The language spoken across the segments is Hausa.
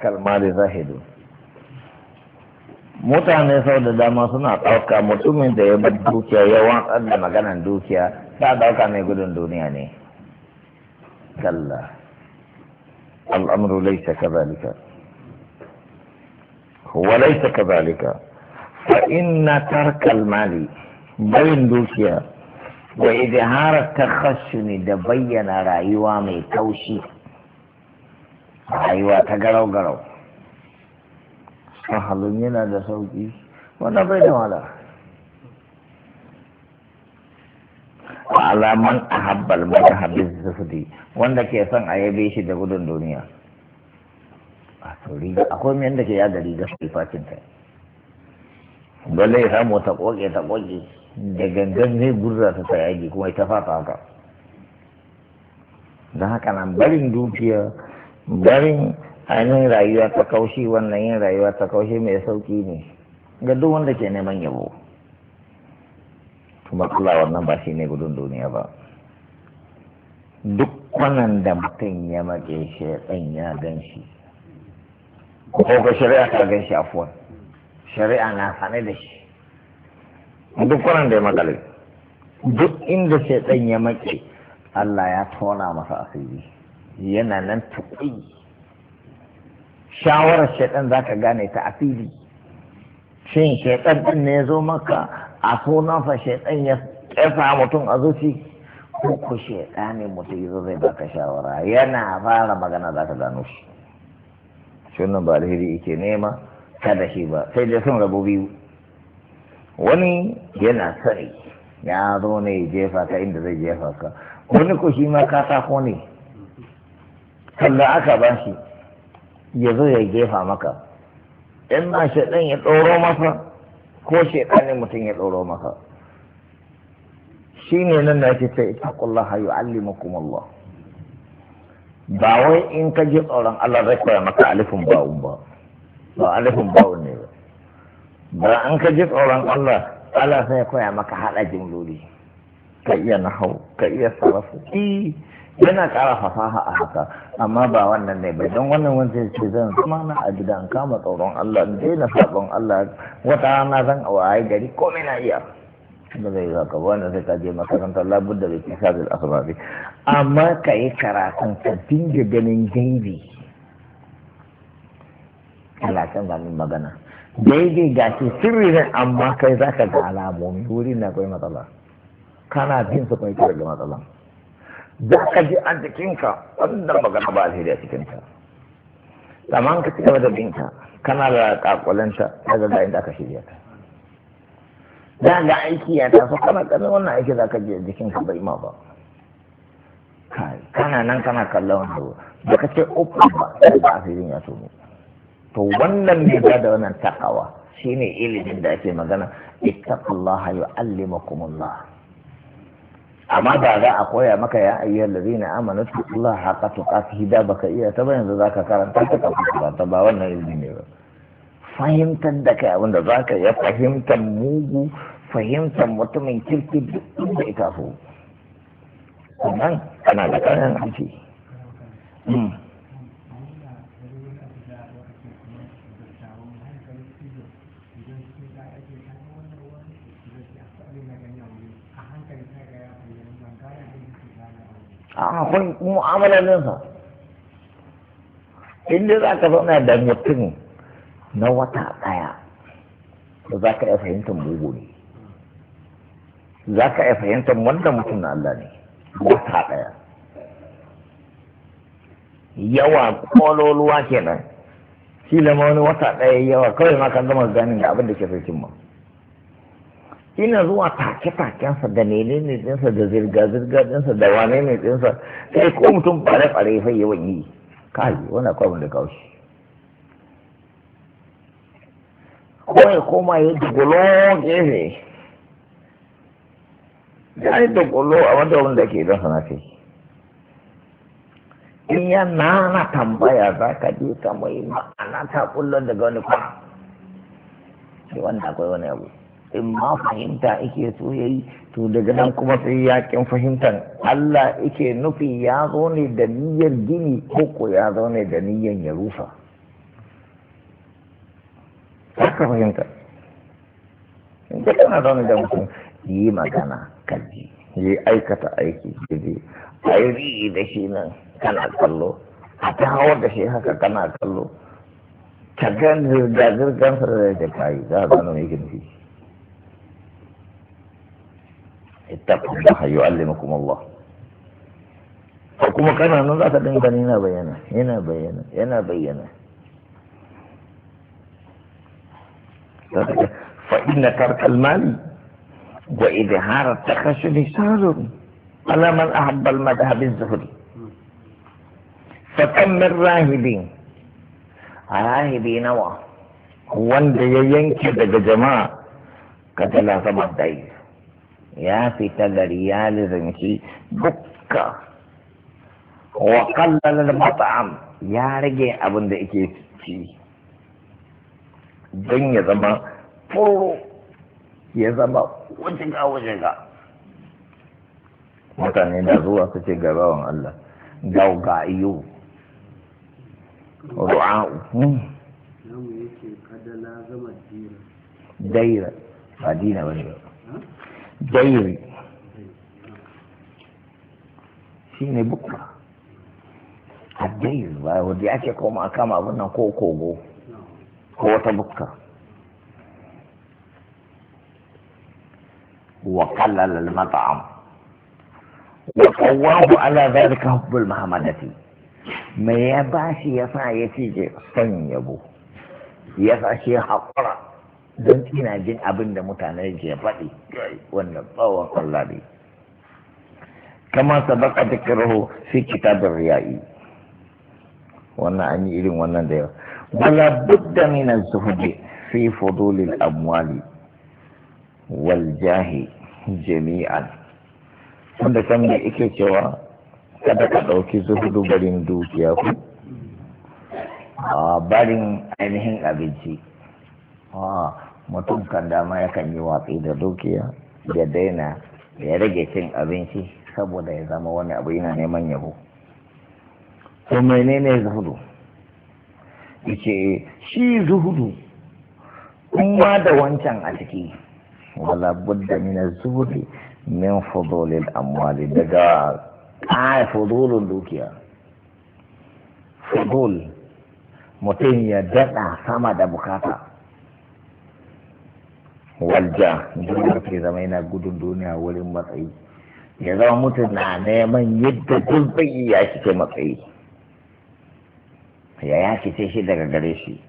kalmali zahidu mutane sau da dama suna ɗauka mutumin da ya bar dukiya ya watsar da maganan dukiya ta ɗauka mai gudun duniya ne kalla al'amru laisa kazalika wa laisa kazalika fa inna tarkal mali barin dukiya wa idhara takhashuni da bayyana rayuwa mai taushi rayuwa ta garau-garau sahalun yana da sauki wannan bai da wala alaman ahabbal mata habis zufudi wanda ke son a yabe shi da gudun duniya a sauri akwai mai yadda ke ya gari ga facin ta dole ya samu ta koke ta koke da gangan zai gurza ta ta yage kuma ita fafa haka don haka nan barin dukiya garin ainihin rayuwa ta kaushi wannan yin rayuwa ta kaushi mai sauki ne ga duk wanda ke neman yabo kuma kula wannan ba shi ne gudun duniya ba duk kwanan da mutum ya maƙe shi ɗan ya gan shi ko ka shari'a ta gan shi afuwan shari'a na sane da shi duk kwanan da ya maƙale duk inda shi ɗan ya maƙe Allah ya tona masa asiri yana nan tukwai shawarar shaidan za ka gane ta a fili shin shaidan ɗin ne ya zo maka a sunanfa shaidan ya ƙasa mutum a zuci ko ku ne mutum ya zo zai baka shawara yana fara magana za ka gano shi sunan ba alheri yake nema kada shi ba sai da sun rabu biyu wani yana sani ya zo ne jefa ka inda zai jefa ka wani ko shi ma katako ne talla aka ba shi ya zo ya gefa maka in ba shaɗan ya ɗoro masa ko shaɗanin mutum ya ɗoro masa shi ne nan na ce sai ittaqullaha kuma Allah ba wai in ka ji tsoron Allah zai koya maka alifin bawun ba ba alifin bawun ne ba ba an ka ji tsoron Allah Allah sai koya maka haɗa jimloli ka iya nahau ka iya sarrafu yana ƙara fasaha a haka amma ba wannan ne bai don wannan wancan ce zan kuma na a gida in kama tsoron Allah in na sabon Allah wata rana zan a waye gari komai na iya da zai zaka ba wanda sai ka je makarantar labudda bai kisa sabil asbabi amma ka yi karatun ka dinga ganin gaibi Allah can ba min magana daidai ga shi sirri ne amma kai zaka ga alamomi wuri na kai matsala kana bin su kai da matsala za ka ji a jikinka wannan magana ba alheri a cikinta kamar ka ci gaba da binka kana da kakulanta daga ga inda aka shirya ta Da ga aiki ya taso kana kana wannan aiki za ka ji a jikinka bai ma ba kana nan kana kallon wannan da ka ce uku ba da asirin ya so to wannan ne da wannan takawa shine ilimin da ake magana ittaqullaha yu'allimakumullah amma ba za a koya maka ya ayyuhal ladina amanu taqullaha haqqa tuqatih da baka iya ta bayan yanzu zaka karanta ta kafin karanta ba wannan izini ne ba fahimtar da kai abin da zaka ya fahimtar mugu fahimtar mutumin kirki duk inda ita so sannan kana da kayan aiki hmm. akwai mu'amalolinsa inda za ka zauna da mutum na wata ɗaya da za ka iya fahimtar bugu ne za ka iya fahimtar wanda mutum na Allah ne wata ɗaya yawa kololuwa kenan shi lama wani wata ɗaya yawa kawai ma kan zama ganin da abin da ke sarkin ma ina zuwa take-takensa da menene dinsa da zirga-zirga dinsa da wane ne dinsa sai ko mutum fare-fare sai yawan yi kai wani akwai wanda kaushi ko ya koma ya dugulo gefe ya yi dugulo a wanda wanda ke don sana ce in ya nana tambaya za ka je ka mai ma'ana ta kullum daga wani kwan. sai wanda akwai wani abu in ma fahimta ake so ya yi to daga nan kuma sai yakin fahimtar Allah ike nufi ya zo ne da niyyar gini ko ya zo ne da niyyar ya rufa haka fahimta in ka kana zaune da mutum yi magana kaji, yi aikata aiki kaji a yi da shi nan kana kallo a dawo da shi haka kana kallo ka gan zirga sarari da ta za a zanen mai gini اتقوا الله يعلمكم الله فكما كان نضع تبين بنا هنا بينا هنا بينا هنا بينا فإن ترك المال وإظهار التخشن سار على من أحب المذهب الزهري فكم من راهبين راهبي نوى هو أن يينك بجماعة كتلا ثم الدين ya fita gari ya lizanci dukka wa kallalar mata'am ya rage abin da yake ci don ya zama furu ya zama wajiga-wajiga mutane da zuwa su ce gabawan Allah gaugayu ru'a'u hmm. dira ba dina wani جيري شيني بكرة الجيري بقى ودي أكي كوما كما أظن كو بو هو تبكر وقلل المطعم وقواه على ذلك حب المحمدة ما يباشي يسعى يتيجي استنى يبو يسعى شيخ القرأ don ina jin abin da mutane ke faɗi wannan tsawon Allah ne kama sabaka dhikruhu fi kitabar riya'i wannan an yi irin wannan da yawa wala budda min az-zuhdi fi fudulil amwali wal jahi jami'an wanda kan da ike cewa kada ka ɗauki zuhudu barin dukiya ku a ah, barin ainihin abinci ah, mutum kan dama yakan yi watsi da dukiya ya daina ya rage cin abinci saboda ya zama wani abu yana neman yabo Ko menene zuhudu yace shi zuhudu kuma da wancan a ciki wala budda min az min fudul al-amwali daga ai dukiya fudul mutum ya dada sama da bukata walja duniya ke zama yana gudun duniya wurin matsayi ya zama mutum na neman yadda duk ya kike matsayi ya ya kice shi daga gare shi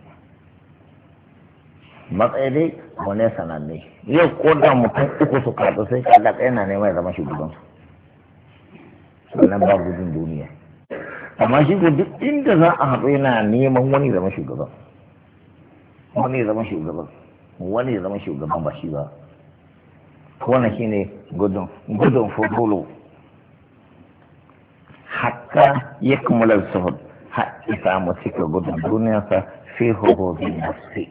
matsayi dai wani sananne yau ko da mutum uku su karɓi sai ka ga yana neman ya zama shugaban gudun sannan ba gudun duniya amma shi ko duk inda za a haɗu yana neman wani zama shugaban wani zama shugaban wani zama shugaban ba shi ba wannan shine gudun gudun fudulu hatta ya kumula suhud har isa cika gudun duniyarsa fi hukuki nafsi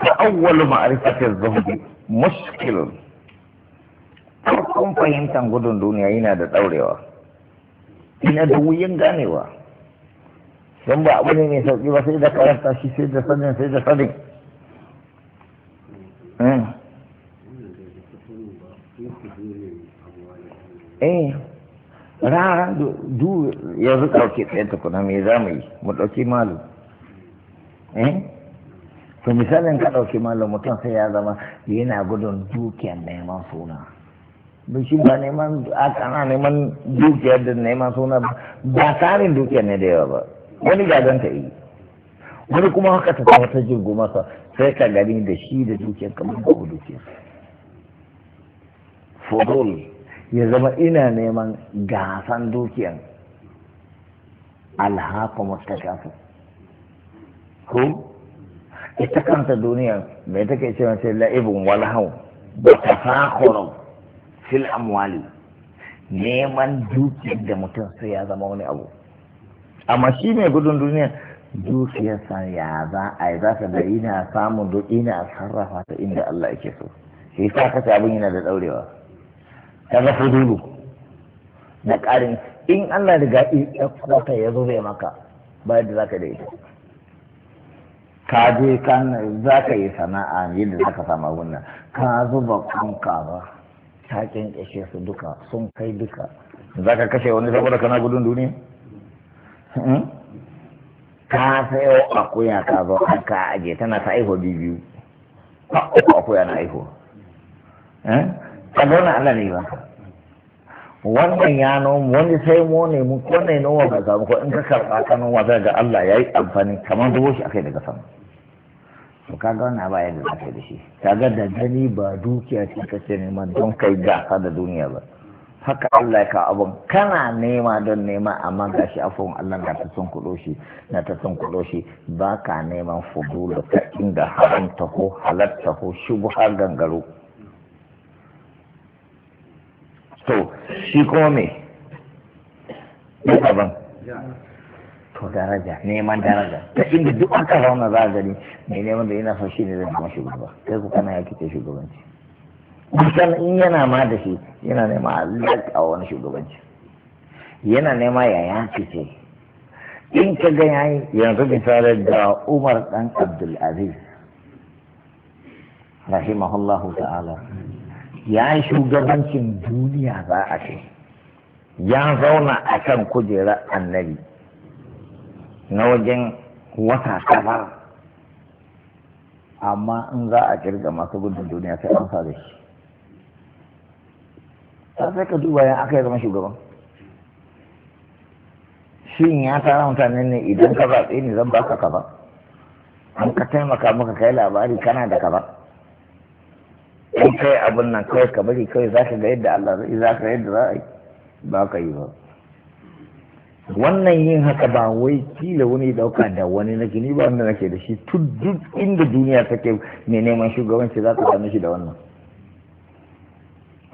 fa awwalu ma'rifati az-zuhd mushkil kun fahimtar gudun duniya yana da daurewa ina da wuyan ganewa don ba abu ne mai sauki ba sai da karanta shi sai da sanin sai da sanin eh rara du yanzu ɗauki ɗaya tukuna me za mu yi mu ɗauki malu eh to misalin ka ɗauki malu mutum sai ya zama yana gudun dukiyar neman suna ba shi ba neman a kana neman dukiyar da neman suna ba ba tsarin dukiyar ne da yawa ba wani gagan ta yi wani kuma haka ta ta wata jirgo masa sai ka gani da shi da dukiyar kamar ko dukiyar fodol ya zama ina neman gasan dukiyan ta mutashafu ko ita kanta duniyar mai take ce mace la'ibin walhau ta tafakurun fil amwali neman dukiyar da mutum sai ya zama wani abu amma shi mai gudun duniya dukiyar sa ya za a yi za ta da ina samun duk ina sarrafa ta inda Allah yake so shi sa kace abin yana da daurewa kaga fudulu da ƙarin in Allah riga ya kwata ya zube maka ba yadda zaka da ita ka je kan zaka yi sana'a yadda zaka samu wannan ka zuba kanka ba ta kinkashe su duka sun kai duka zaka kashe wani saboda kana gudun duniya hmm? ka sayo akuya ka zo ka aje tana ta aiko biyu biyu akuya na aiko kadona Allah ne ba wannan ya nomu wani sai mu ne mu kone ko in ka karba ka noma zai ga Allah ya yi amfani kamar dubo shi akai daga sama to ka ga wannan da zaka da shi ka da gani ba dukiya ce ne neman don kai gasa da duniya ba haka Allah ya kawo abun kana nema don nema amma ga shi afon Allah na ta son kudo shi na ta son kudo shi ba ka neman da ta inda haramta ko halatta ko shubha gangaro to shi kuma me ya daban to daraja neman daraja ta inda duk aka zauna za a gani mai neman da yana son shi ne zai zama shugaba kai ku kana yaki ce shugabanci kusan in yana ma da shi yana nema a wani shugabanci yana nema ya yaki ce in ka ga yayi yanzu tare da Umar dan Abdul Aziz rahimahullahu ta'ala ya yi shugabancin duniya za a ce ya zauna a kan kujerar annabi na wajen wata kafa amma in za a kirga masu gudun duniya sai an sa shi ta sai ka duba yan aka yi zama shugaban shin ya tara mutane ne idan ka zaɓe ne zan baka kaza an ka taimaka maka kai labari kana da kaza in kai abin nan kawai ka bari kawai za ka ga yadda Allah zai za ka yadda za a yi ba ka yi ba wannan yin haka ba wai kila wani dauka da wani na ni ba wanda nake da shi duk inda duniya take mai neman shugabanci za ka sami shi da wannan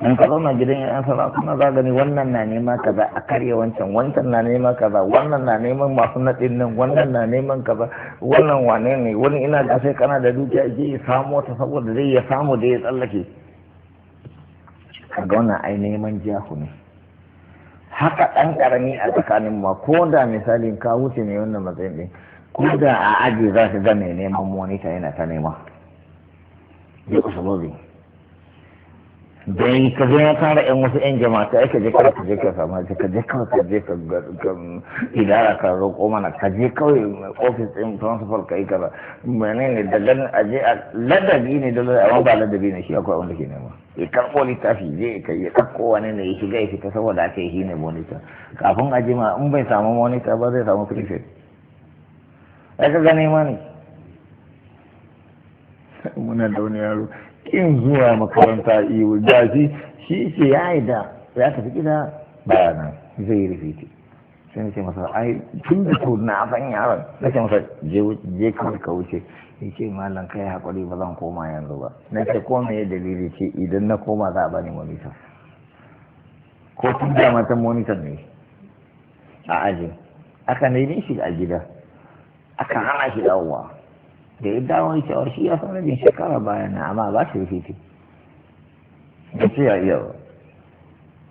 in ka zauna gidan ya'yan kuma za gani wannan na neman kaza a karya wancan wancan na neman kaza wannan na neman masu naɗin nan wannan na neman kaza wannan wane ne wani ina da sai kana da dukiya ke ya samu wata saboda zai ya samu da ya tsallake kaga wannan ai neman jahu ne haka ɗan ƙarami a tsakanin ma ko da misalin ka wuce ne wannan matsayin ɗin ko da a aji za ka ga mai neman monita yana ta nema ya kusa don ka je na tara yan wasu yan jama'a ta aika je kawai ka je ka samu ka je kawai ka je ka idara ka roƙo mana ka je kawai ofis ɗin principal ka yi kaza mene ne da a je a ladabi ne da ladabi amma ba ladabi ne shi akwai wanda ke nema ya karɓo littafi je ka yi ɗauko wani ne ya shiga ya fita saboda ake shi ne monita kafin a jima in bai samu monita ba zai samu prefect ai ka gane ma ne muna da wani yaro in zuwa makaranta iya gashi shi ce ya yi da ya tafi gida bayana zai rufe sai na ce masa ai tun da to na san yaron na ce masa je kawai ka wuce ya ce malam kai hakuri ba zan koma yanzu ba na ce ko me dalili ce idan na koma za a bani monitor ko tun da mata monitor ne a aji aka nemi shi a gida aka hana shi dawowa da ya dawo a oh, shi ya san rabin shekara bayan na amma ba shi rikici da su ya iya ba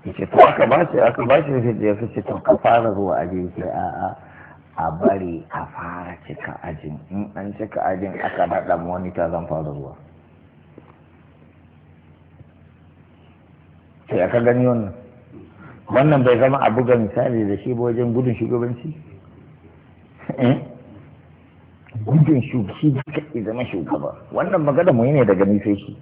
ya ce to aka ba shi aka ba shi rikici ya ce to ka fara zuwa aji ce a a a bari a fara cika ajin in an cika ajin aka daɗa ta zan fara zuwa sai aka gani wannan wannan bai zama abu ga misali da shi wajen gudun shugabanci eh? gudun shi kaɗai zama shugaba wannan magana mu ne daga sai shi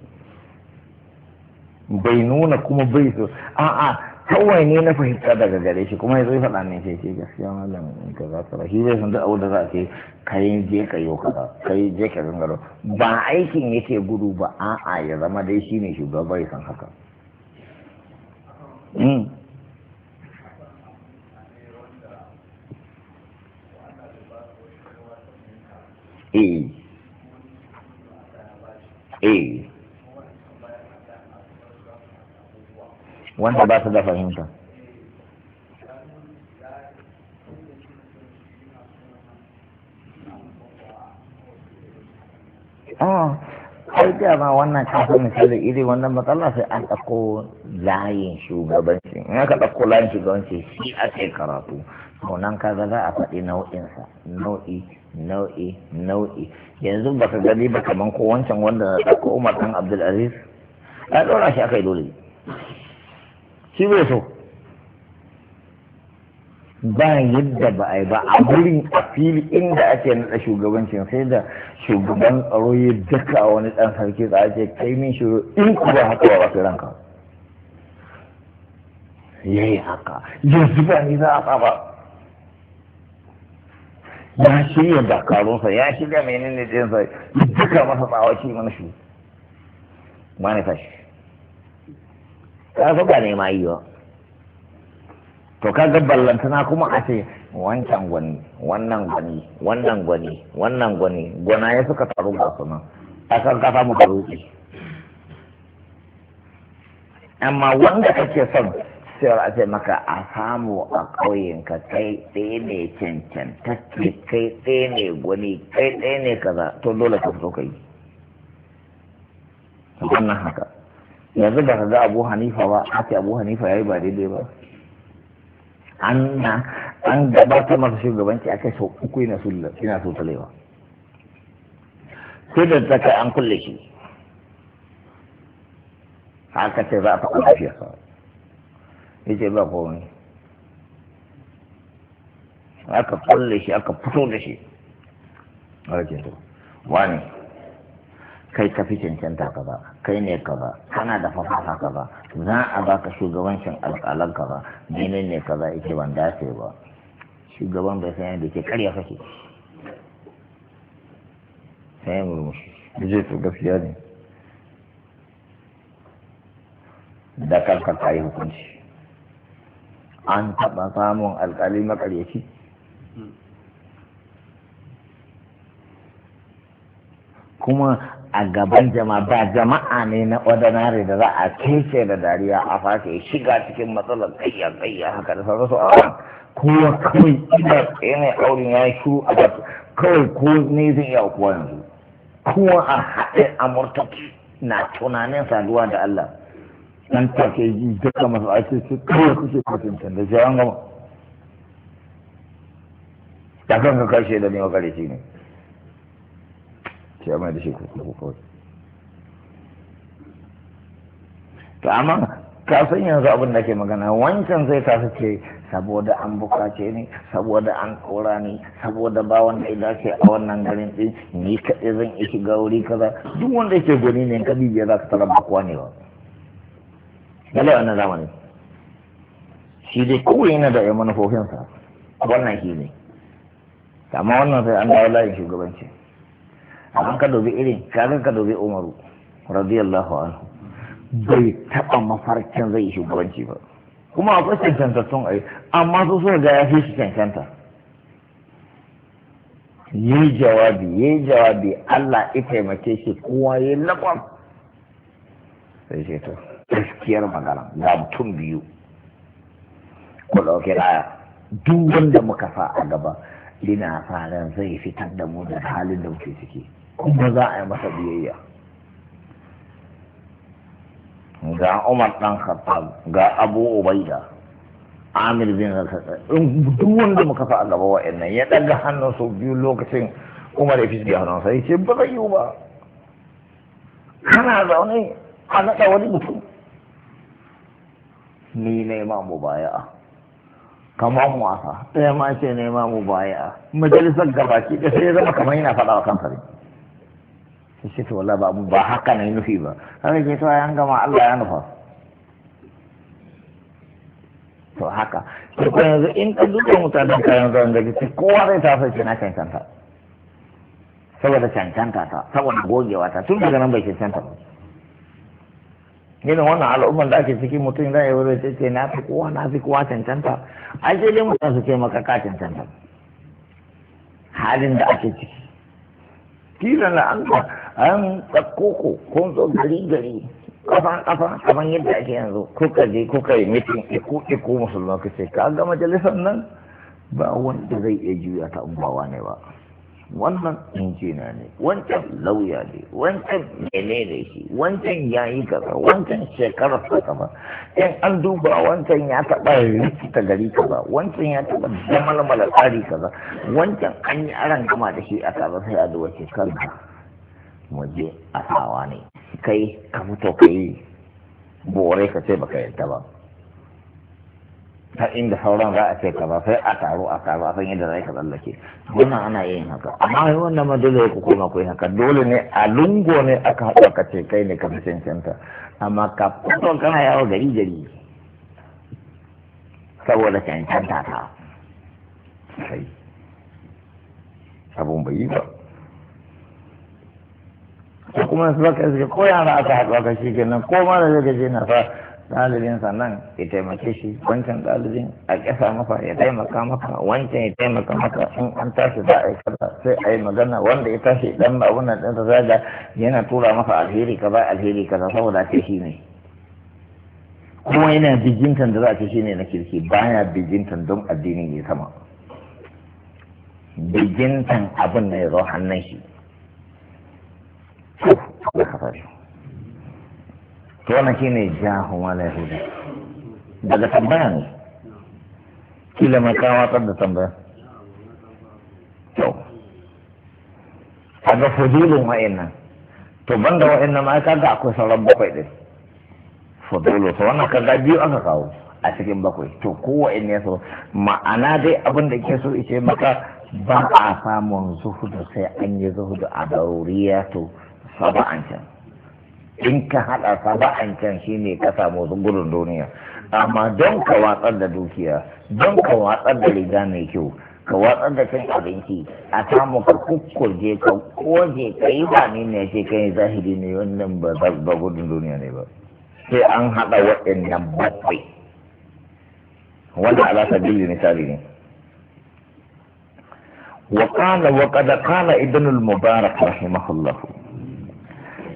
bai nuna kuma bai so a'a kawai ne na fahimta daga gare shi kuma ya zai faɗa ne shi ce gaskiya malam in ka za shi zai san duk abu da za ka kai je ka yi kaza kai je ka zangaro ba aikin yake gudu ba a'a ya zama dai shi ne shugaba ya san haka hmm. Eh. eh wanda ba su da fahimta ah da ma wannan kafin misali iri wannan matsala sai an ɗauko layin shugabanci in aka ɗauko layin shugabanci shi ake karatu sunan kaga za a faɗi nau'insa nau'i nau'i nau'i yanzu ba ka gani ba kaman ko wancan wanda na ɗauko umar ɗan abdulaziz a ɗora shi aka yi dole shi bai so ba yadda ba a yi ba a wurin a fili inda ake naɗa shugabancin sai da shugaban tsaro ya daka wani ɗan sarki za a ce kai min shiru in ku ba haka ba su ranka yayi haka yanzu ba ni za a tsaba ya shirya dakarunsa ya shirya menene jinsa ya duka masa tsawaci mana shi mana tashi ka fi ba nema yi ba to ka ga ballantana kuma a ce wancan gwani wannan gwani wannan gwani wannan gwani gwana ya suka taru ga su nan a kan ka mu ka amma wanda kake son cewar a ce maka a samu a ƙauyenka kai ɗaya ne cancantacce kai ɗaya ne gwani kai ɗaya ne kaza to dole ka fito kai wannan haka yanzu ba ka ga abu hanifa ba a ce abu hanifa ya yi ba daidai ba an na an gabata masa shugabanci akai sau uku ina so ina so talewa sai da zaka an kulle shi haka ce za a faɗa lafiyarsa yace ba komai aka kalle shi aka fito da shi ake to wani kai ka fi cancanta ka ba kai ne ka ba kana da fafafa ka ba za a baka shugabancin alƙalan ka ba jini ne ka ba yake ban dace ba shugaban bai san yadda ke karya fashe sai murmushi je to gaskiya ne da kanka ka yi hukunci an taɓa samun alƙali makaryaci kuma a gaban jama'a ba jama'a ne na ordinary da za a kece da dariya a fashe shiga cikin matsalar tsayya tsayya haka da sauransu a kowa kawai ina tsaye ne auren ya shuru a batu kawai ko ne zai iya kuwa yanzu kowa a haɗe a na tunanin saduwa da Allah nan take yi duka masu ake su kawai kuke kotun can da shi an gama ya kan ka kashe da ne wakare shi ne ce mai da shi kuku kawai ta amma ka san yanzu abin da ke magana wancan zai su ce saboda an bukace ni saboda an kora ni saboda ba wanda ya dace a wannan garin din ni kaɗai zan iya shiga wuri kaza duk wanda yake gani ne ka biyar za ka tara bakwa ne ba lalle wannan zamani shi dai kowai yana da manufofinsa wannan shi ne amma wannan sai an dawo layin shugabanci amma ka dubi irin kafin ka dubi umaru radiyallahu anhu bai taɓa mafarkin zai yi shugabanci ba kuma akwai cancantattun ai amma su suna ga ya fi shi cancanta yi jawabi yi jawabi Allah ita taimake shi kowa ya laƙwam sai shi to gaskiyar magana ga mutum biyu ku ɗauki raya duk wanda muka sa a gaba lina faran zai fitar da mu da halin da muke ciki kuma za a yi masa biyayya ga umar ɗan khattab ga abu ubaida amir bin in duk wanda muka sa a gaba wa'annan ya ɗaga hannun su biyu lokacin umar ya fi da hannun sai ce ba zai yiwu ba kana zaune a naɗa wani mutum ni nema mu baya'a kamar wasa ɗaya ma ce nema mu baya'a majalisar gabaki da sai zama kamar yana faɗa wa kansa ne sai ce to wala ba ba haka na yi nufi ba haka ke to an gama Allah ya nufa to haka sai ko yanzu in ka duka mutanen kayan zan gaji sai kowa zai tafi ce na cancanta saboda cancanta ta saboda gogewa ta tun daga nan bai cancanta ba Yin wannan al'ummar da ake ciki mutum zai yi wuri ce na fi kowa na fi kowa cancanta a ce dai mutum su ce maka ka cancanta halin da ake ciki kila na an an tsakoko kun zo gari gari kafa kafa kamar yadda ake yanzu kuka je kuka yi mitin iku iku musulman ka ce ka ga majalisar nan ba wanda zai iya juya ta umbawa ne ba wannan injina ne wancan lauya ne wancan mene ne shi wancan ya yi gaba wancan shekarar ta gaba in an duba wancan ya taɓa rikita gari kaza wancan ya taɓa damalmala tsari kaza wancan an yi aran gama da shi a kaza sai a wace shekarar mu je a tawa ne kai ka mutu ka yi bore ka ce baka yadda ba ta inda sauran za a ce kaza sai a taru a taru a san yadda za ka tsallake wannan ana yin haka amma yi wannan ma dole ku koma ku haka dole ne a lungo ne aka haɗa ka ce kai ne ka fi cancanta amma ka fito kana yawo gari gari saboda cancanta ta sai abun bai yi ba kuma su ba ka suke ko yara aka haɗa ka shi kenan ko ma da zai gaje na fa ɗalibinsa nan ya taimake shi wancan ɗalibin a ƙasa masa ya taimaka maka wancan ya taimaka maka in an tashi za a yi kaza sai a yi magana wanda ya tashi dan abun nan ɗinsa zaga yana tura masa alheri ka ba alheri kaza saboda ce shi ne kuma yana bijintan da za a ce shi ne na kirki baya bijintan don addinin ya sama bijintan abin da ya zo hannun shi. to wannan shine jahun wala yahudi daga tambaya ne kila mai kawo watsar da tambaya to kaga fudulun wa'annan to banda wa'annan ma kaga akwai sauran bakwai din fudulu to wannan kaga biyu aka kawo a cikin bakwai to kowa in ya so ma'ana dai abin da ke so ice maka ba a samun zuhudu sai an yi zuhudu a dauriya to saba'an can in ka haɗa can shi ne ka samu gudun duniya amma don ka watsar da dukiya don ka watsar da riga mai kyau ka watsar da cin abinci a samu ka kukkurje ka koje ka yi ba ne ne ce kai zahiri ne wannan ba gudun duniya ne ba sai an haɗa waɗannan bakwai wanda ala ne misali ne وقال وقد قال ابن المبارك رحمه الله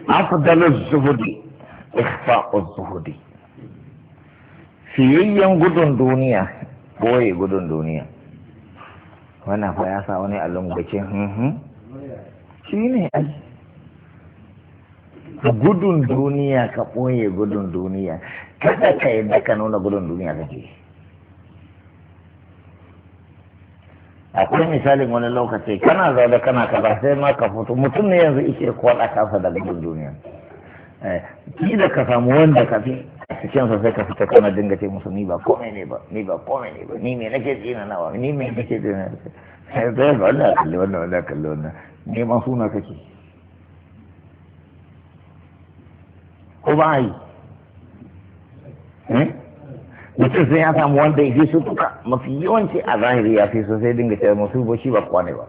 أفضل الزهد إخفاء الزهد fiyayyen gudun duniya boye gudun duniya wannan fa ya sa wani allon bakin hunhun shi ne ai gudun duniya ka ɓoye gudun duniya kada ka yadda ka nuna gudun duniya kake akwai misalin wani lokaci kana zaune kana kaza sai ma ka fito mutum ne yanzu ike kwada kasa da cikin duniya eh, ki da ka samu wanda ka fi cikin sa sai ka fita kana dinga ce musu ni ba kome ne ba ni ba kome ne ba ni me nake tsina nawa ni me nake tsina eh, sai da wannan kalli wannan ya kalli wannan neman suna kake ko ba yi mutum sai ya samu wanda ya fi su duka mafi yawanci a zahiri ya fi su sai dinga cewa musu ba shi ba kwane ba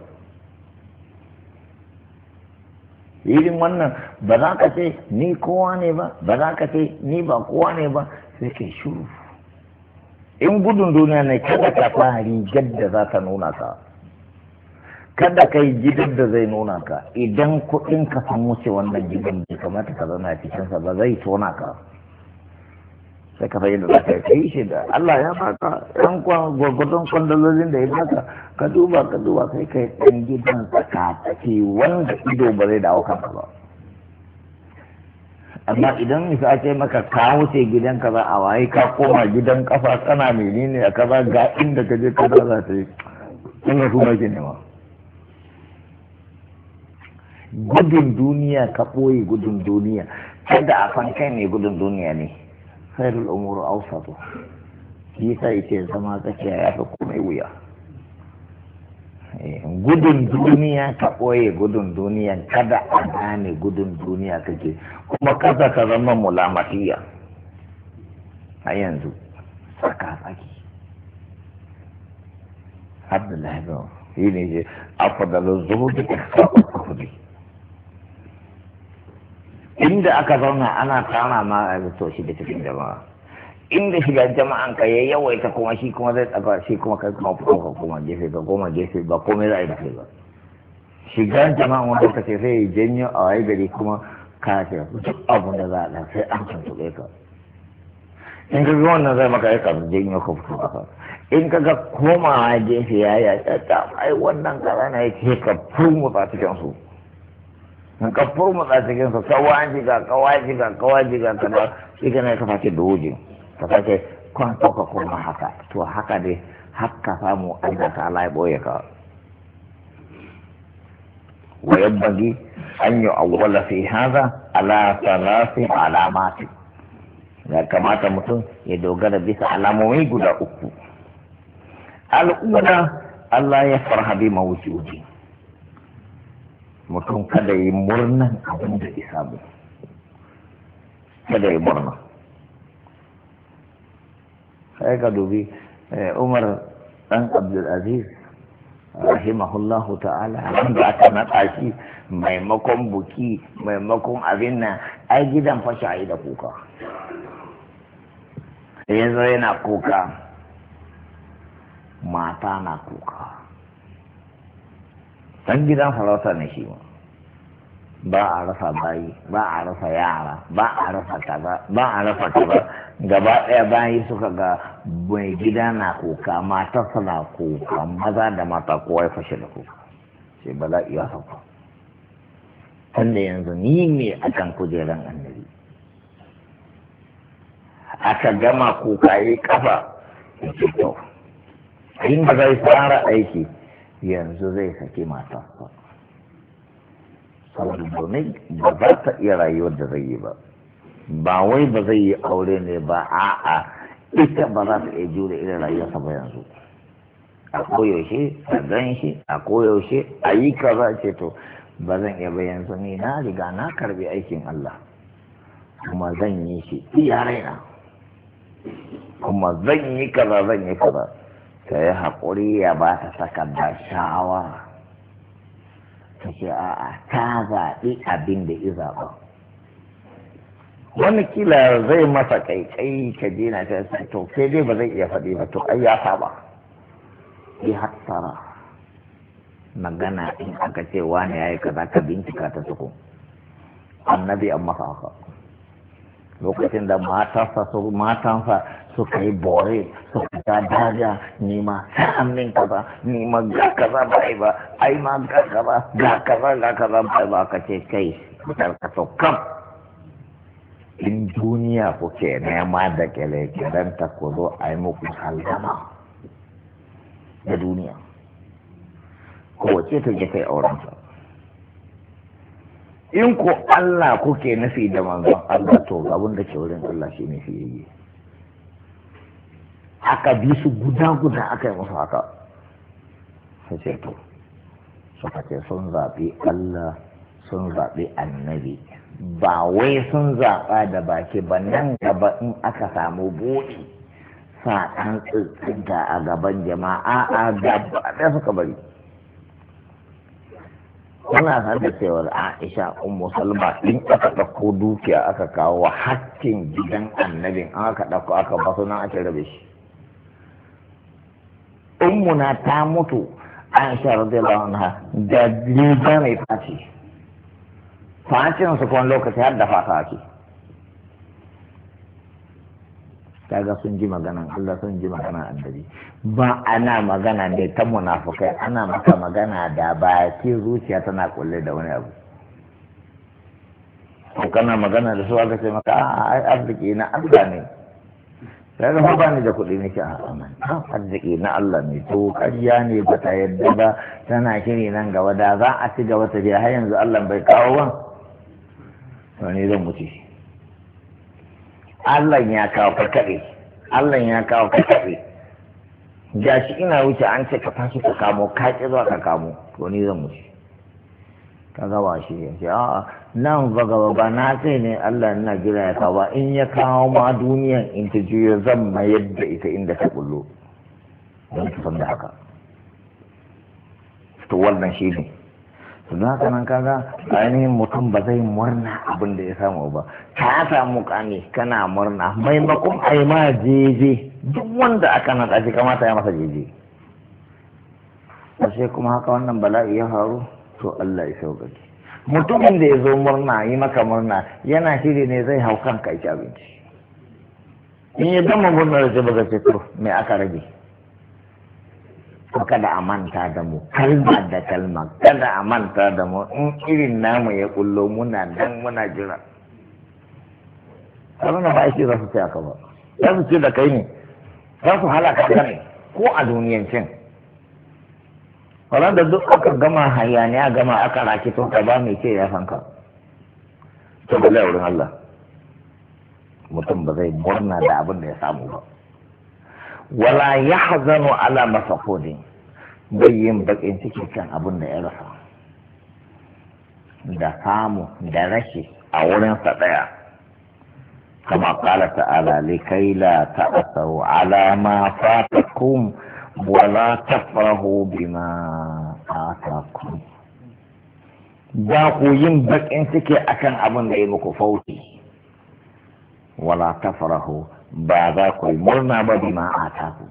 irin wannan ba za ka ce ni kowa ne ba ba za ka ce ni ba kowa ne ba sai ke shuru in gudun duniya ne kada ka fara rigar da za ta nuna ka kada ka yi gidan da zai nuna ka idan kuɗin ka samu wuce wannan gidan bai kamata ka zana cikinsa ba zai tona ka sai ka fahimta za ka yi shi da Allah ya baka ɗan gwagwadon kwandalolin da ya baka ka duba ka duba kai kai ɗan gidan tsakatake wanda ido ba zai dawo kanka ba amma idan isa ce maka ka wuce gidan ka za a waye ka koma gidan kafa kana menene a kaza ga inda ka je ka za ta yi sun ga kuma ke nema gudun duniya ka ɓoye gudun duniya kada a fankai ne gudun duniya ne khairul umuru awsatu shi yasa yake zama tsakiya ya fi komai wuya eh, gudun duniya ta ɓoye gudun duniya kada a gane gudun duniya kake kuma kada ka zama mulamatiya a yanzu tsaka tsaki abdullahi bin shi ne ce afadalu zuhudu ka kawo inda aka zauna ana tara ma a zato shi da cikin jama'a inda shi shiga jama'an ka ya yawaita kuma shi kuma zai tsaka shi kuma kai kuma fuka ka kuma gefe ka goma gefe ba komai za a yi da kai ba shiga jama'an wanda ka ce sai janyo a waye gari kuma ka ce duk abun da za a ɗan sai an tuntuɓe ka in ka ga wannan zai maka aika janyo ka fito ka in ka ga komawa gefe ya yi a ai wannan kaza na ya ce ka furmuta cikin su ka furmutsa cikin su kawai jiga kawai jiga kawai jiga kada shi kana ka fake doji ka fake kwan ka kuma haka to haka dai haka samu Allah ta Allah ya boye ka wa yabbagi an yi awwala fi hadha ala salasi alamati ya kamata mutum ya dogara bisa alamomi guda uku al'ula Allah ya farha bi mawjudi mutum kada yi murnan abin da isa ba kada yi murna sai ka dubi eh, umar dan abdulaziz rahimahullahu ta'ala wanda aka naɗa shi maimakon buki maimakon abin nan ai gidan fashi a yi da kuka yanzu yana kuka mata na kuka dan gidan farauta ne shi ba a rasa bayi ba a rasa yara ba a rasa kaza ba a rasa kaza gaba daya bayi suka ga mai gida na kuka matarsa na kuka maza da mata ko ya fashe da kuka sai bala'i iya sauka tunda yanzu ni ne a kan kujeran annabi aka gama kuka yi kafa ya ce to inda zai fara aiki yanzu zai saki matarsa saboda domin ba za ta iya rayuwar da zai yi ba ba wai ba zai yi aure ne ba a'a ita ba za ta iya jure irin rayuwarsa ba yanzu a koyaushe a gan shi a koyaushe a yi kaza ce to ba zan iya bayan ni na riga na karbi aikin Allah kuma zan yi shi iya raina kuma zan yi kaza zan yi kaza ta yi haƙuri ya ba ta saka da shawara ta ce a'a ta zaɓi abin da i zaɓa wani kila zai masa ƙaiƙai ka dina ta yi to sai dai ba zai iya faɗi ba to ai ya saba yi hatsara magana in aka ce wani ya yi kaza ka bincika ta suku annabi an masa haka lokacin da matansa suka yi bore suka ta daga nima sa'an ka ba nima ga kaza ba ai ba ai ma ga kaza ga kaza ga kaza ba ba ka ce kai ka so kam in duniya kuke nema da kyale-kyalen ta ku zo a yi muku sallama da duniya kowace ta je kai aurenta in ko Allah kuke nufi da manzon Allah to abin da ke wurin Allah shi ne fiye aka bi su guda guda aka yi musu haka sai ce to su ce sun zaɓi Allah sun zaɓi annabi ba wai sun zaɓa da baki ba nan gaba in aka samu buɗi sa ɗan tsintsinta a gaban jama'a a gaba da suka bari Suna san da cewar Aisha Ummu Salma in aka ɗauko dukiya aka kawo hakkin gidan annabin an aka ɗauko aka basu nan ake rabe shi. ummuna ta mutu an radiyallahu anha da riga mai faci facin su kwan lokaci har da fata ake kaga sun ji maganan Allah sun ji maganan annabi ba ana magana ne ta munafukai ana maka magana da baki zuciya tana kulle da wani abu ko kana magana da su aka ce maka a arziki na Allah ne ya zama ba da kuɗi nake a aman arziki na Allah ne to ƙarya ne ba ta yadda ba tana shiri nan gaba da za a ci gaba ta je har yanzu Allah bai kawo ba to ne zan mutu Allah ya kawo ka kaɗe Allah ya kawo ka kaɗe ga shi ina wuce an ce ka fashi ka kamo ka ƙi zuwa ka kamo to ni zan mutu ka gaba shi ya ce a'a nan baga ba na sai ne Allah na jira ya kawo in ya kawo ma duniyan in ta juya zan mayar da ita inda ta kullo don ta san da haka to wannan shi ne to na kanan nan kaga ainihin mutum ba zai murna abin da ya samu ba ta samu kane kana murna maimakon a yi ma jeje duk wanda aka nan ɗaji kamata ya masa jeje sai kuma haka wannan bala'i ya faru to Allah ya sauƙaƙe mutumin da ya zo murna yi maka murna yana shiri ne zai hau kanka ya ci abinci in ya gama murna da ba zai fito mai aka rage kada a manta da mu kalma da kalma kada a manta da mu in irin namu ya kullo muna nan muna jira karuna ba shi za su ce aka ba za su ce da kai ne za su halaka ka ne ko a duniyancin wannan da duk aka gama hayaniya gama aka raki tun ka ba mai ce ya fanka ka to da wurin Allah mutum ba zai murna da abin da ya samu ba wala yahzanu ala masafudin bai yin bakin ciki kan abin da ya rasa da samu da rashi a wurin sa daya kama kala ta'ala likaila la ala ma fatakum wala tafrahu bima atakum ba ku yin bakin suke akan abin da ya muku fauti wala tafrahu ba za ku murna ba bima atakum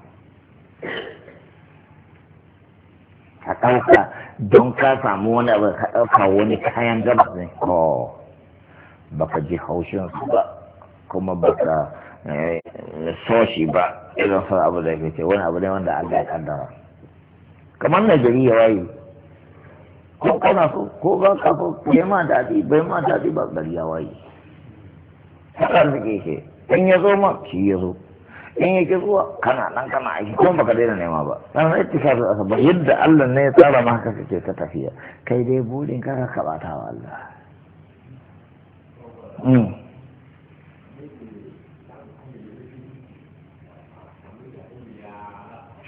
ka ɗauka don ka samu wani abu ka ɗauka wani kayan gabas ne ko oh, baka ji haushin su ba kuma baka Eh, so shi ba irin son abu da ke ce wani abu ne wanda Allah ya kaddara kamar na gari ya waye ko kana so ko ba ka ko bai ma daɗi bai ma ba gari ya waye haka da ke ke in ya zo ma shi ya zo in ya ke zuwa kana nan kana aiki kuma baka daina nema ba nan sai shafi asa ba yadda Allah ne ya tsara ma haka kake ta tafiya kai dai burin ka ka kabata wa Allah hmm.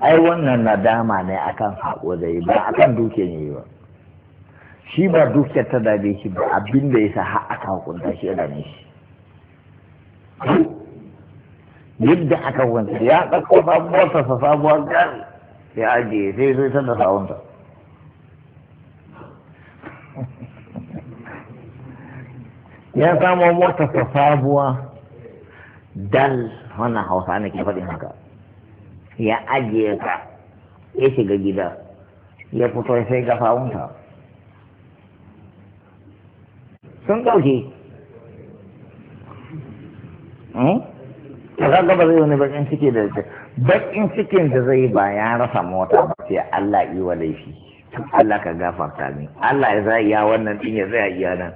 ai wannan nadama ne akan haƙo da yi ba akan duke ne ba shi ba duke ta dabe shi ba abin da ya sa har aka hukunta shi ya ne shi yadda aka hukunta ya ɗauko sabuwar sa sabuwar gari ya ajiye sai sai sanda sawunta ya samu motar sabuwa dal wannan hausa ne ke faɗin haka ya ajiye ka ya shiga gida ya fito ya sai gafawunta sun ɗauke hmm? ka gaba zai wani bakin ciki da ce bakin cikin da zai ba ya rasa mota ba sai Allah yi wa laifi Allah ka gafarta ne, Allah ya zai ya wannan din ya zai iya nan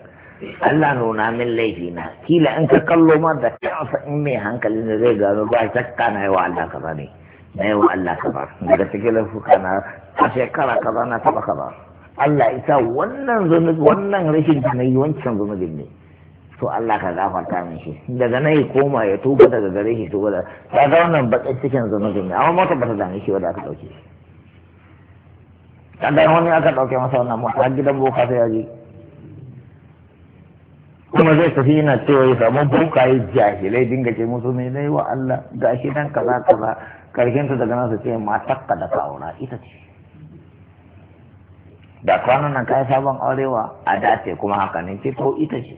Allah nuna min laifi na kila in ka kallo ma da kansa in mai hankali ne zai gano ba shakka na yi wa Allah kaza ne na yawa Allah ka ba daga cikin lafuka na a shekara kaza na taba ka ba Allah isa wannan zunubi wannan rashin da na yi wancan zunubin ne to Allah ka gafarta min shi daga nan ya koma ya tuba daga gare shi tuba da ta ga wannan bakin cikin zunubin ne amma mota ba ta dame shi wanda aka dauke shi kada wani aka dauke masa wannan mota har gidan boka sai ya je kuma zai tafi yana cewa ya samu bokaye jahilai dinga ce musu mai na yi wa Allah gashi nan kaza kaza karshenta daga nan su ce matakka da kawuna ita ce da kwanan nan kayan sabon aurewa a dace kuma haka ne ce to ita ce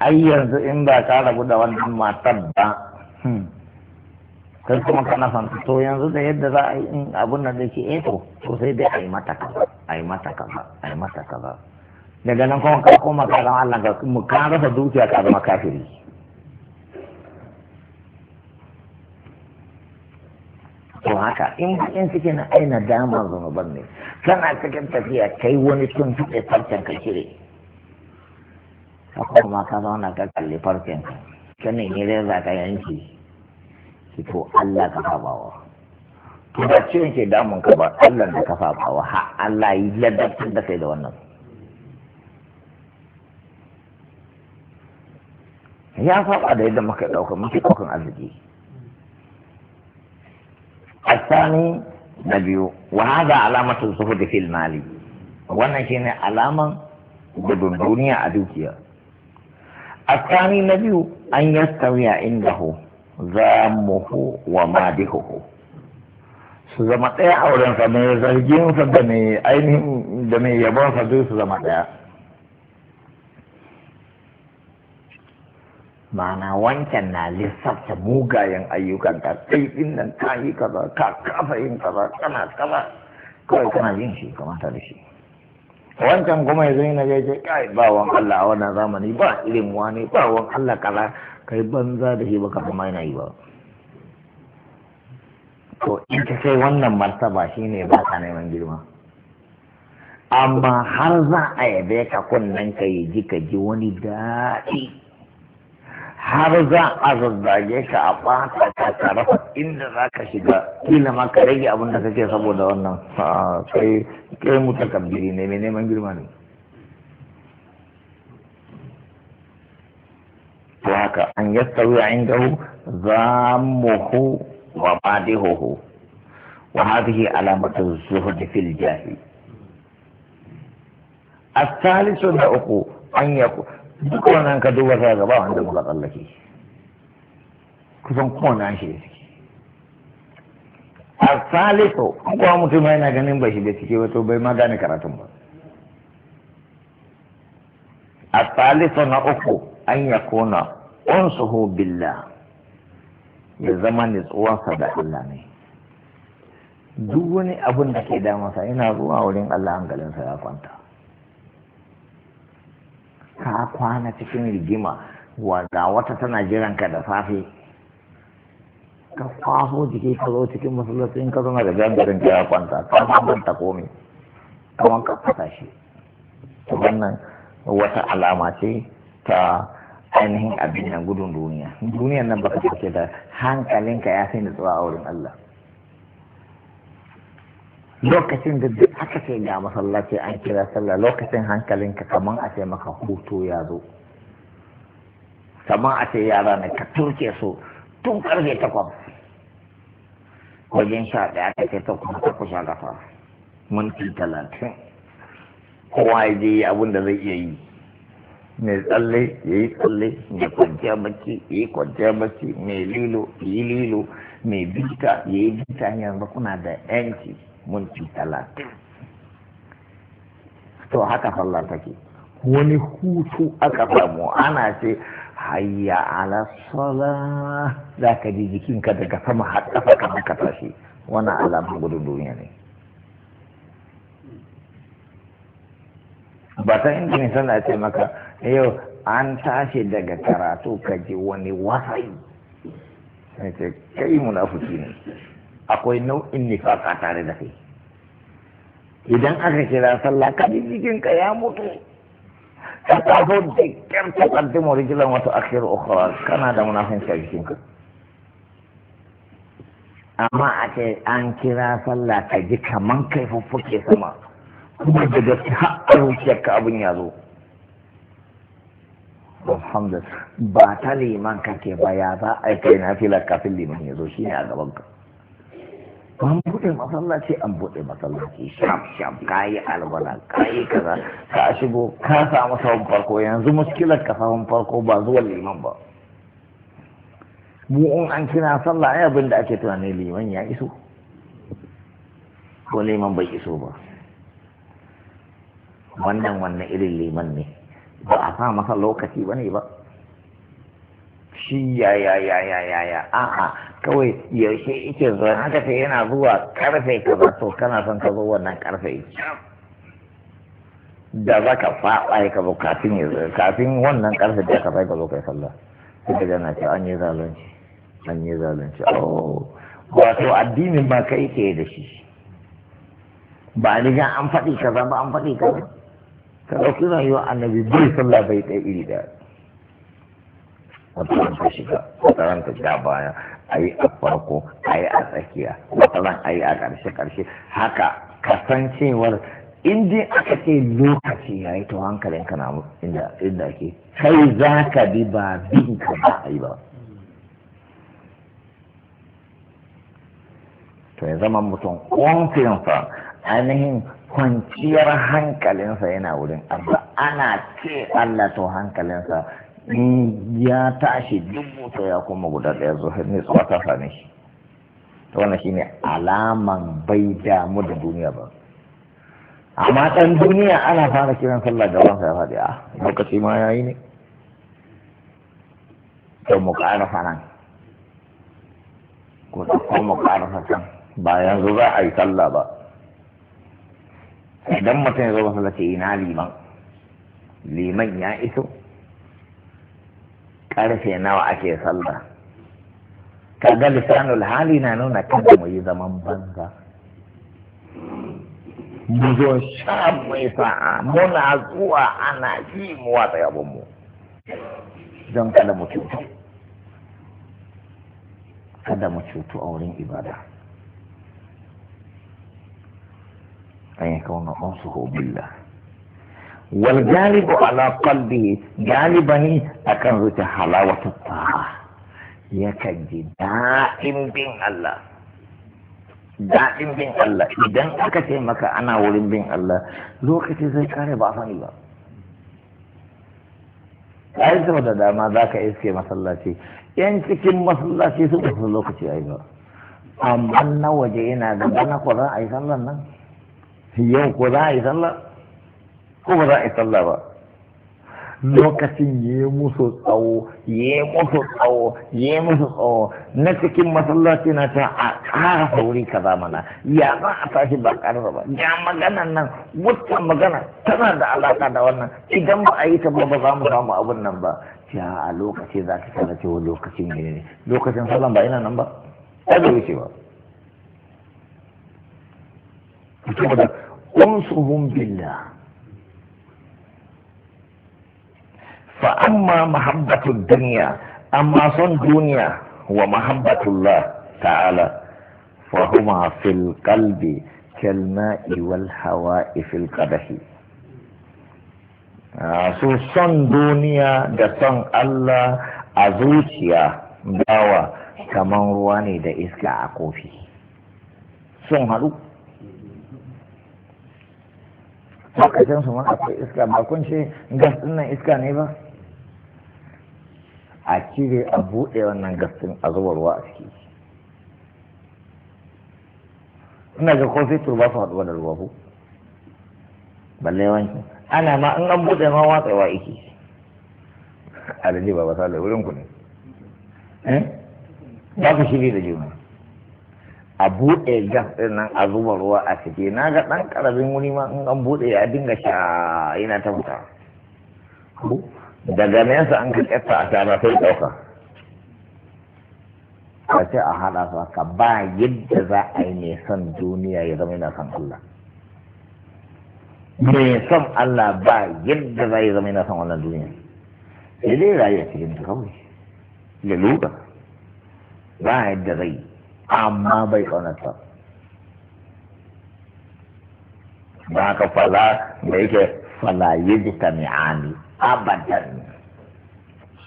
ai yanzu in ba ka rabu da wannan matar ba hmm, kai kuma kana fanta to yanzu da yadda za a yi in abun nan da ke eto eh to sai dai a yi mata kaza a yi mata kaza a yi mata kaza daga nan kuma ka koma ka zama Allah ka mu ka rasa dukiya ka zama kafiri haka in bakin suke na aina dama zunuban ne kana cikin tafiya kai wani tun fiɗe farcen ka cire haka kuma ka zauna ka kalli farcen ka kanin ne za ka yanki ki to Allah ka fabawa to da ciwon ke damun ka ba Allah da ka fabawa ha Allah yi ladabtar da kai da wannan ya faɓa da yadda muka ɗauka muke ɗaukan arziki الثاني نبي وهذا علامة الزهد في المال وانا شيني علامة بدون دنيا أدوكيا الثاني نبي أن يستوي عنده ذامه ومادهه su zama ɗaya a sa mai zargin sa da mai ainihin da mai yabon sa su zama ɗaya ma'ana wancan na lissafta mugayen ayyukan ka sai din nan ka yi kaza ka kafa yin kaza kana kaza kawai kana yin shi kamata da shi wancan kuma yanzu yana ya ce kai ba wan Allah a wannan zamani ba irin wani ba wan Allah kaza kai banza da shi baka kuma yana yi ba to in ka kai wannan martaba shine ba ka neman girma amma har za a yabe ka kunnen ka yi ji ka ji wani daɗi har za a zazzage ka a ɓata ka tare inda za ka shiga kila ma ka rage abin da kake saboda wannan kai kai biri ne mai neman girma ne ta haka an yastawi a mu hu wa badihuhu wa hadhihi alamatu da fil jahi da uku an yi duk wannan ka duba sai gaba wanda muka tsallake kusan na shi shiga ciki a salisu kuma mutum yana ganin ba shi da ba wato bai ma gane karatun ba a salisu na uku an ya kona unsuhu billa ya zama tsuwansa da Allah ne duk wani abun da ke damasa yana zuwa wurin Allah an galinsa ya kwanta ka kwana cikin rigima wadda wata tana jiran ka da safe ka kwaso jiki ka zo cikin masallaci in ka zama da jangarin ka ya kwanta ka ta komai kaman ka fata shi wannan wata alama ce ta ainihin abin nan gudun duniya duniyan nan baka take da hankalinka ya sai nutsuwa a wurin Allah lokacin da duk aka ce ga masallaci an kira sallah lokacin hankalinka kaman a ce maka hutu ya zo kaman a ce yara ne ka turke su tun karfe takwas wajen sha ɗaya ka ce takwas takwas sha gafa minti talatin kowa ya je yi abin da zai iya yi mai tsalle ya yi tsalle mai kwanciya bacci ya yi kwanciya bacci mai lilo ya yi lilo mai bita ya yi bita yanzu kuna da yanci mulki talatin to haka sallar take wani hutu aka samu ana ce hayya ala sala za ka ji jikinka daga sama har ƙasa kamar ka tashi wannan alamun gudun duniya ne ba ta inda ne sana ce maka yau an tashi daga karatu ka ji wani wasai sai ce kai munafuki ne akwai nau'in nifaka tare da kai idan aka kira sallah ka ji jikinka ya mutu ka tafi da kyar ta kaddimu rijilan wata akhir ukhra kana da munafinci a jikinka amma a ce an kira sallah ka ji kaman kai fuffuke sama kuma da gaske har ka abin ya zo alhamdulillah ba ta liman kake ba ya za a kai na filar kafin liman ya zo ne a gaban ka an buɗe masallaci an buɗe masallaci sham sham kayi albana, kayi kaza ka shigo ka samu sabon farko yanzu muskilar ka samu farko ba zuwa liman ba mu in an kina sallah ai abin da ake tunani liman ya iso ko liman bai iso ba wannan wannan irin liman ne ba a sa masa lokaci ba ne ba shi ya ya ya ya ya ya a'a kawai yaushe ike zuwa haka sai yana zuwa karfe kaza to kana son ka zo wannan karfe da za ka faɗa ka zo kafin ya kafin wannan karfe da ka bai ka zo kai sallah sai ka gana ce an yi zalunci an yi zalunci oh wato addinin ba kai ke da shi ba a riga an faɗi kaza ba an faɗi kaza ka ɗauki zan yi wa annabi bai sallah bai ɗaya iri ɗaya wata ranta shiga wata ranta ta ja baya a yi a farko a yi a tsakiya matsalan a yi a karshe-karshe. haka kasancewar inda aka ce lokaci ya yi to hankalin na inda ke kai za ka bi ba bin ka ba a yi ba to ya zama mutum kwamfinsa ainihin kwanciyar hankalinsa yana wurin abu ana ce Allah to hankalinsa ya tashi dubu to ya kuma guda ɗaya zuwa ne tsawa ta same shi ta wannan shi ne alaman bai damu da duniya ba amma ɗan duniya ana fara kiran sallah gaban sa ya faɗi a ah, lokaci ma ya yi ne to mu ƙara sanan ko ko mu ƙara sanan ba yanzu za a yi sallah ba idan mutum ya zo masallaci ina liman liman ya iso karfe nawa ake sallah kaga lisanul hali na nuna kada mu yi zaman banza mu zo sha mai sa'a muna zuwa ana ji mu watsa yabon mu don kada mu cutu kada mu cutu a wurin ibada an yi kauna ɓansu hobillah wal galibu ala qalbihi galibani akan zuci halawatu ta'a yakan ji da'in bin Allah daɗin Allah idan aka ce maka ana wurin bin Allah lokaci zai kare ba sani ba ai sau da dama za ka iske masallaci yan cikin masallaci su kusa lokaci ai ba amma na waje yana gaba na ko a yi sallan nan yau ko za a yi sallan ko ba za a yi sallah ba lokacin ya yi musu tsawo ya yi musu tsawo ya yi musu tsawo na cikin masallaci na ta a ƙara sauri ka zamana ya za a tashi ba ƙarfa ba ya maganan nan wata magana tana da alaƙa da wannan idan ba a yi ta ba za mu samu abin nan ba ya a lokaci za ka kalla cewa lokacin ne ne lokacin sallan ba ina nan ba ya bai wuce ba saboda unsuhum billah fa amma mahabbatud dunya amma son duniya wa mahabbatullah ta'ala fa huma fil qalbi kal ma'i wal hawa'i fil qadahi ah, su son duniya da son Allah a zuciya bawa kaman ruwa ne da iska a kofi sun haɗu lokacin su ma akwai iska ba kun ce gas ɗin nan iska ne ba a cire a buɗe wannan gaskin a zuba ruwa a ciki ina ga kofi ba su haɗuwa da ruwa ku? balle wanki ana ma in an buɗe ma watsewa iki a da ji ba ba sale wurin ku ne eh? ba ku shiri da juna a buɗe gaskin nan a zuba ruwa a ciki na ga ɗan ƙaramin wuri ma in an buɗe a dinga sha yana ta mutawa daga nesa an ka tsatta a tara sai ɗauka ka ce a haɗa su aka ba yadda za a yi mai son duniya ya zama yana son Allah mai son Allah ba yadda za a yi zama yana son wannan duniya sai dai rayu a cikin ta kawai luka ba yadda zai amma bai ƙaunarta ba haka fala da yake fala yadda ta mi'ani abadan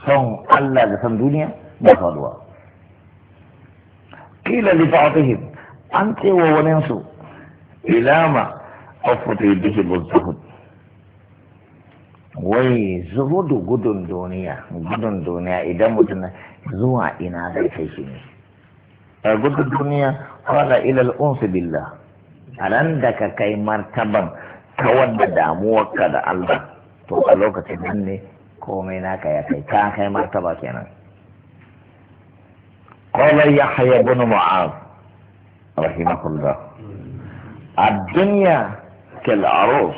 son Allah da san duniya ba faruwa kila li ba'dihim an ce wa wani su ilama afuta bihi zuhud wai zuhudu gudun duniya gudun duniya idan mutum zuwa ina zai kai shi ne eh, a gudun duniya ila ilal unsu billah a nan da ka kai martaban kawar da damuwarka da Allah to a lokacin nan ne komai naka ya kai ta kai martaba kenan قال يحيى بن معاذ رحمه الله الدنيا كالعروس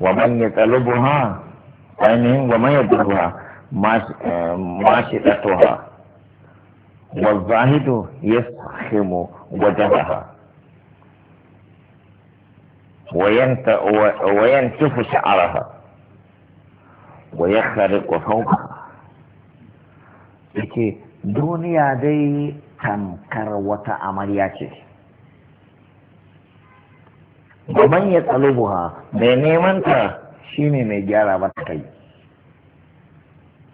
ومن يطلبها ومن يطلبها ماشطتها والزاهد يسخم وجهها وينتف شعرها ويخرق فوقها yake duniya dai tamkar wata amarya ce gaban ya tsalubuha mai nemanta shine mai gyara mata kai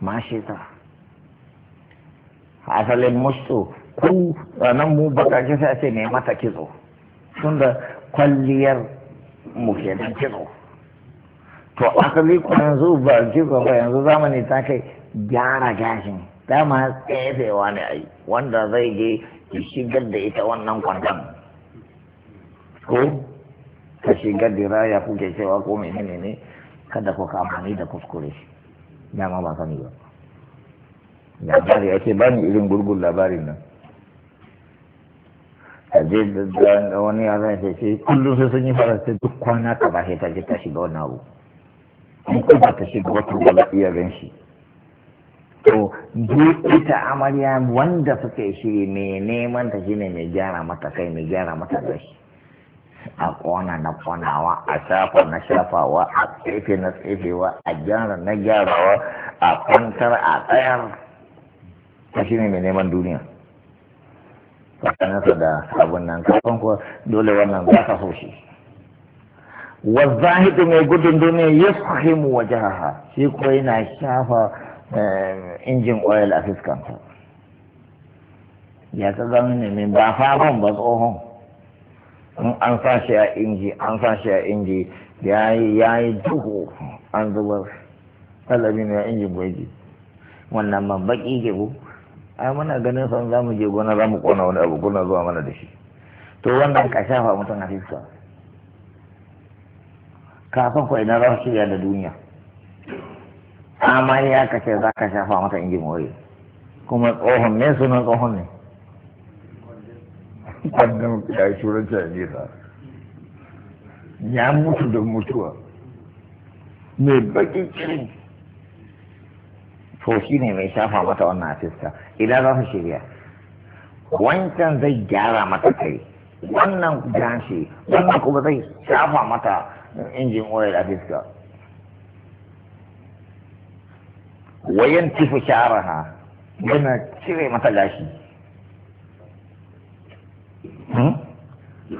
mashe asalin musto ku ranar mu baka kisa ce mai mata kitso tunda kwalliyar mu kenan kitso to asali ku yanzu ba kitso ba yanzu zamani ta kai gyara gashin dama tsefewa ne ai wanda zai je ki shigar da ita wannan kwandon. ko ka shigar da raya kuke cewa ko menene ne kada ku amfani da kuskure dama ba sani ba labari ya ce ba ni irin gurgun labarin nan ka je da wani ya zai ce kullum sai sun yi faransa duk kwana ka ba sai ta je ta shiga wani abu in ko ba ta shiga wata wala iya gan shi to duk ita amarya wanda suka shiri mai neman ta shine mai gyara mata kai mai gyara mata gashi a kona na konawa a shafa na shafawa a tsefe na tsefewa a gyara na gyarawa a kwantar a tsayar ta shine mai neman duniya tsakaninsa da abun nan kafin ko dole wannan za ka haushi. wa zahidu mai gudun duniya ya fahimu wa jihaha shi ko yana shafa eh, injin oil a fuskanta ya ka zama ne min ba faron ba tsohon in an sa shi a inji an sa shi a inji ya yi duhu an zubar talabi ne a injin gwaji wannan man baki ke ku ai muna ganin son za mu je gona za mu kona wani abu gona zuwa mana da shi to wannan ka shafa mutum a fiska kafin ku idan za su shirya da duniya amma ya kace za ka shafa mata inji wari kuma tsohon ne sunan tsohon ne wannan ya shuran ta da. ya mutu da mutuwa mai baki kirin to shi ne mai shafa mata wannan a idan za su shirya wancan zai gyara mata kai wannan gashi wannan kuma zai shafa mata injin oil a fiska wayan tifu ha yana cire mata gashi hmm?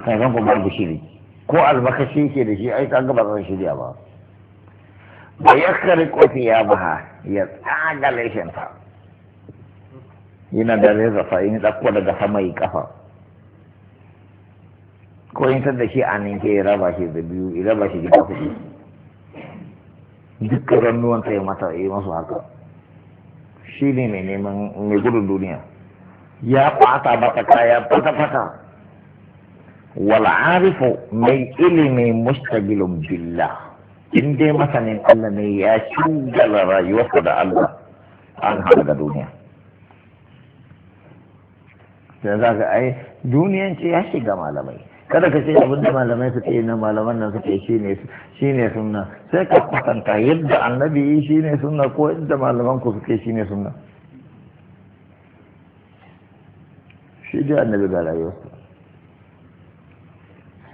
sai zan kuma babu shiri ko albakashi ke da shi ai kan gaba zan shirya ba da ya kare kofi ya baha ya tsaga laifinta yana da zai rarrafa in ɗauko daga sama yi kafa ko yin da shi a ninke ya raba shi da biyu ya raba shi gida kuɗi duk rannuwan ta yi mata yi masu haka shi ne mai neman mai gudun duniya ya fata mata kaya fata-fata wal'arifu mai ilimi mustaqilun billah in dai masanin Allah ne ya shugala rayuwarsa da Allah an hada da duniya da za ka ai duniyan ce ya shiga malamai kada ka ce abin da malamai su ce na malaman nan suke shi ne shi ne sunna sai ka kwatanta yadda annabi yi shi ne sunna ko yadda malaman ku suke shi ne sunna shi dai annabi ga rayuwarsa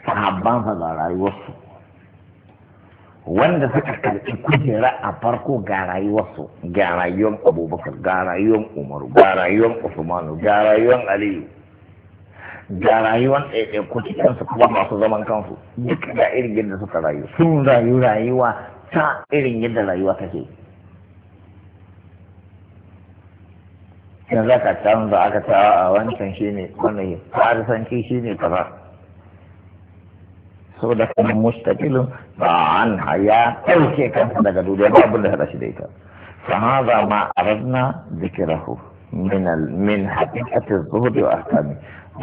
sahabban fa ga rayuwarsu wanda suka karɓi kujera a farko ga rayuwarsu ga rayuwar abubakar ga rayuwar umaru ga rayuwar usmanu ga rayuwar aliyu ga rayuwar ɗaiɗaiku cikinsu kuma masu zaman kansu duk ga irin yadda suka rayu sun rayu rayuwa ta irin yadda rayuwa take yanzu aka canza aka ta a wancan shine wannan shi shine kaza saboda kuma mustaqilun ba an haya ɗauke kansa daga duniya ba abin da haɗa shi da ita fa hadha ma aradna dhikrahu min min haqiqati az-zuhd wa ahkami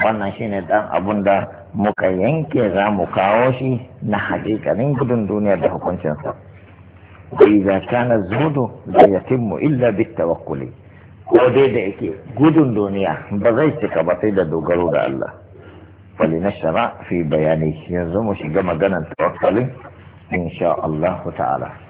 wannan shine dan abun da muka yanke za mu kawo shi na haƙiƙanin gudun duniya da hukuncinsa idza kana zuhudu la yatimmu illa bitawakkuli ko dai da yake gudun duniya ba zai cika ba sai da dogaro da Allah ولنشرع في بيانه ينظم جمع جنا توكل إن شاء الله تعالى